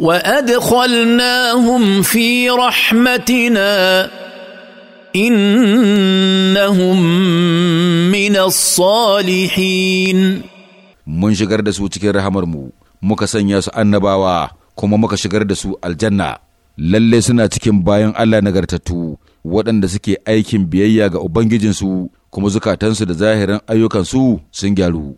وادخلناهم في رحمتنا innahum min salihin mun shigar da su cikin rahamarmu muka sanya su annabawa kuma muka shigar da su aljanna lalle suna cikin bayan Allah nagartattu waɗanda suke aikin biyayya ga ubangijinsu kuma zukatansu da zahirin ayyukansu sun gyaru